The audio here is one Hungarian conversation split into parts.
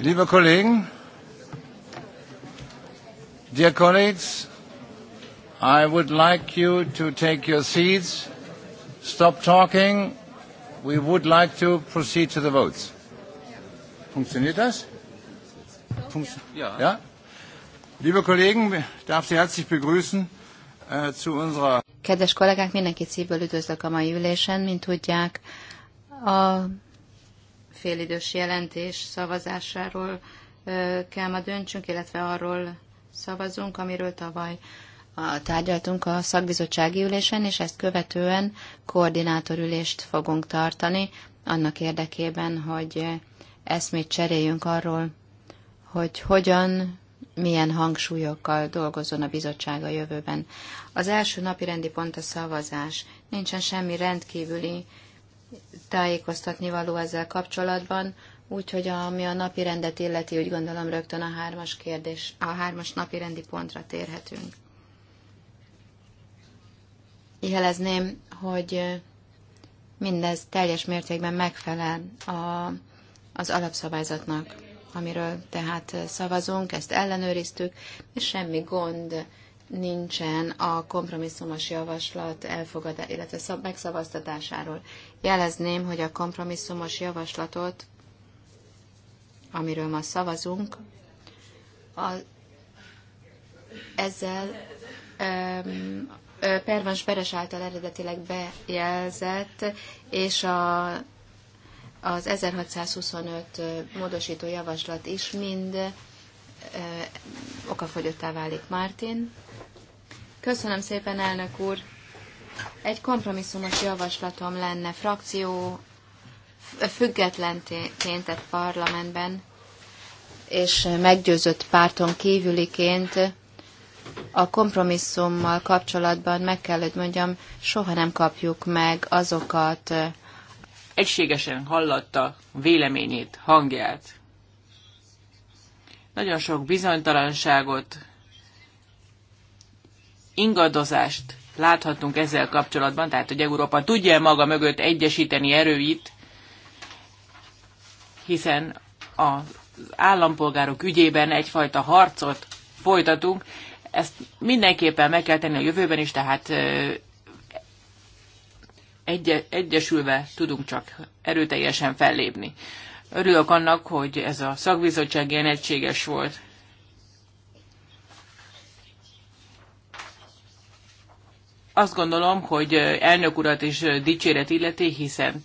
Liebe Kollegen, dear colleagues, I would like you to take your seats, stop talking. We would like to proceed to the votes. Funktioniert das? Funktio ja. ja. Liebe Kollegen, ich darf Sie herzlich begrüßen äh, zu unserer. Kedves kollégák, mindenkit szívből üdvözlök a mai ülésen, mint tudják a félidős jelentés szavazásáról kell ma döntsünk, illetve arról szavazunk, amiről tavaly tárgyaltunk a szakbizottsági ülésen, és ezt követően koordinátorülést fogunk tartani, annak érdekében, hogy eszmét cseréljünk arról, hogy hogyan, milyen hangsúlyokkal dolgozzon a bizottság a jövőben. Az első napi rendi pont a szavazás. Nincsen semmi rendkívüli tájékoztatni való ezzel kapcsolatban, úgyhogy ami a napi rendet illeti, úgy gondolom rögtön a hármas kérdés, a hármas napi rendi pontra térhetünk. Jelezném, hogy mindez teljes mértékben megfelel a, az alapszabályzatnak, amiről tehát szavazunk, ezt ellenőriztük, és semmi gond nincsen a kompromisszumos javaslat elfogadá, illetve szab megszavaztatásáról. Jelezném, hogy a kompromisszumos javaslatot, amiről ma szavazunk, a, ezzel Pervans Peres által eredetileg bejelzett, és a, az 1625 módosító javaslat is mind ö, okafogyottá válik Martin. Köszönöm szépen, elnök úr. Egy kompromisszumos javaslatom lenne frakció független tett parlamentben, és meggyőzött párton kívüliként a kompromisszummal kapcsolatban meg kell, hogy mondjam, soha nem kapjuk meg azokat. Egységesen hallatta véleményét, hangját. Nagyon sok bizonytalanságot ingadozást láthatunk ezzel kapcsolatban, tehát hogy Európa tudja -e maga mögött egyesíteni erőit, hiszen az állampolgárok ügyében egyfajta harcot folytatunk, ezt mindenképpen meg kell tenni a jövőben is, tehát egy, egyesülve tudunk csak erőteljesen fellépni. Örülök annak, hogy ez a szakbizottság ilyen egységes volt. azt gondolom, hogy elnök urat is dicséret illeti, hiszen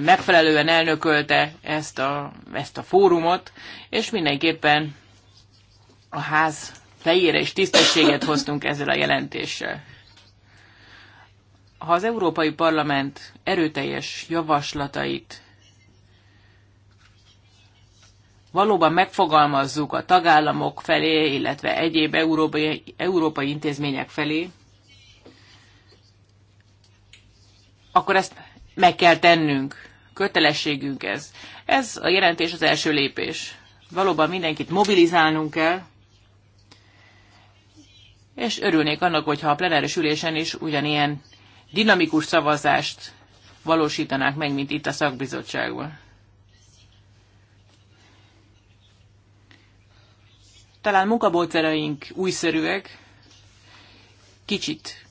megfelelően elnökölte ezt a, ezt a fórumot, és mindenképpen a ház fejére is tisztességet hoztunk ezzel a jelentéssel. Ha az Európai Parlament erőteljes javaslatait valóban megfogalmazzuk a tagállamok felé, illetve egyéb európai, európai intézmények felé, akkor ezt meg kell tennünk. Kötelességünk ez. Ez a jelentés az első lépés. Valóban mindenkit mobilizálnunk kell, és örülnék annak, hogyha a plenáris ülésen is ugyanilyen dinamikus szavazást valósítanák meg, mint itt a szakbizottságban. Talán munkabótszereink újszerűek, kicsit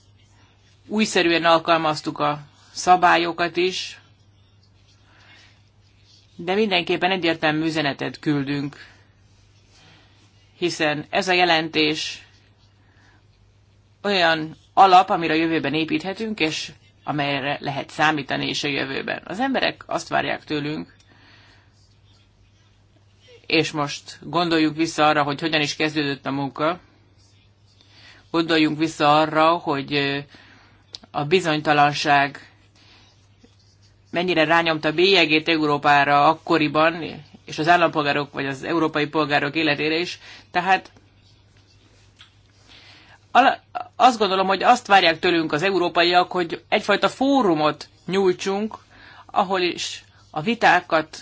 újszerűen alkalmaztuk a szabályokat is, de mindenképpen egyértelmű üzenetet küldünk, hiszen ez a jelentés olyan alap, amire a jövőben építhetünk, és amelyre lehet számítani is a jövőben. Az emberek azt várják tőlünk, és most gondoljuk vissza arra, hogy hogyan is kezdődött a munka, gondoljunk vissza arra, hogy a bizonytalanság mennyire rányomta bélyegét Európára akkoriban, és az állampolgárok, vagy az európai polgárok életére is. Tehát azt gondolom, hogy azt várják tőlünk az európaiak, hogy egyfajta fórumot nyújtsunk, ahol is a vitákat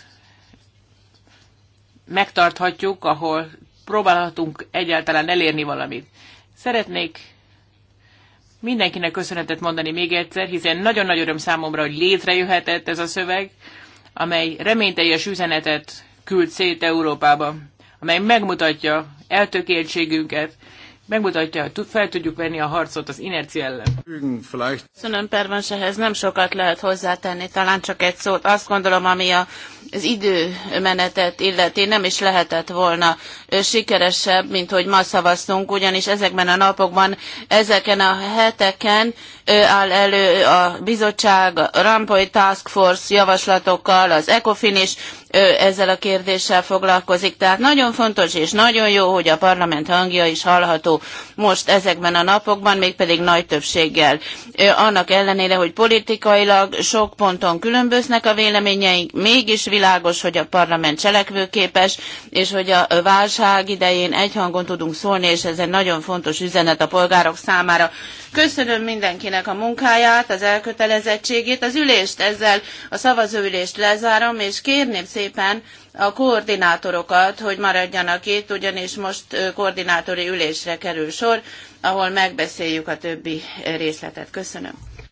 megtarthatjuk, ahol próbálhatunk egyáltalán elérni valamit. Szeretnék Mindenkinek köszönetet mondani még egyszer, hiszen nagyon nagy öröm számomra, hogy létrejöhetett ez a szöveg, amely reményteljes üzenetet küld szét Európába, amely megmutatja eltökéltségünket, megmutatja, hogy fel tudjuk venni a harcot az inerci ellen. Köszönöm, Pervans, ehhez nem sokat lehet hozzátenni, talán csak egy szót. Azt gondolom, ami a, az időmenetet illeti, nem is lehetett volna sikeresebb, mint hogy ma szavaztunk, ugyanis ezekben a napokban, ezeken a heteken áll elő a bizottság, a Rampoy Task Force javaslatokkal, az ECOFIN is ezzel a kérdéssel foglalkozik. Tehát nagyon fontos és nagyon jó, hogy a parlament hangja is hallható most ezekben a napokban, mégpedig nagy többséggel. Annak ellenére, hogy politikailag sok ponton különböznek a véleményeink, mégis világos, hogy a parlament cselekvőképes, és hogy a válság válság idején egyhangon tudunk szólni, és ez egy nagyon fontos üzenet a polgárok számára. Köszönöm mindenkinek a munkáját, az elkötelezettségét, az ülést ezzel, a szavazóülést lezárom, és kérném szépen a koordinátorokat, hogy maradjanak itt, ugyanis most koordinátori ülésre kerül sor, ahol megbeszéljük a többi részletet. Köszönöm.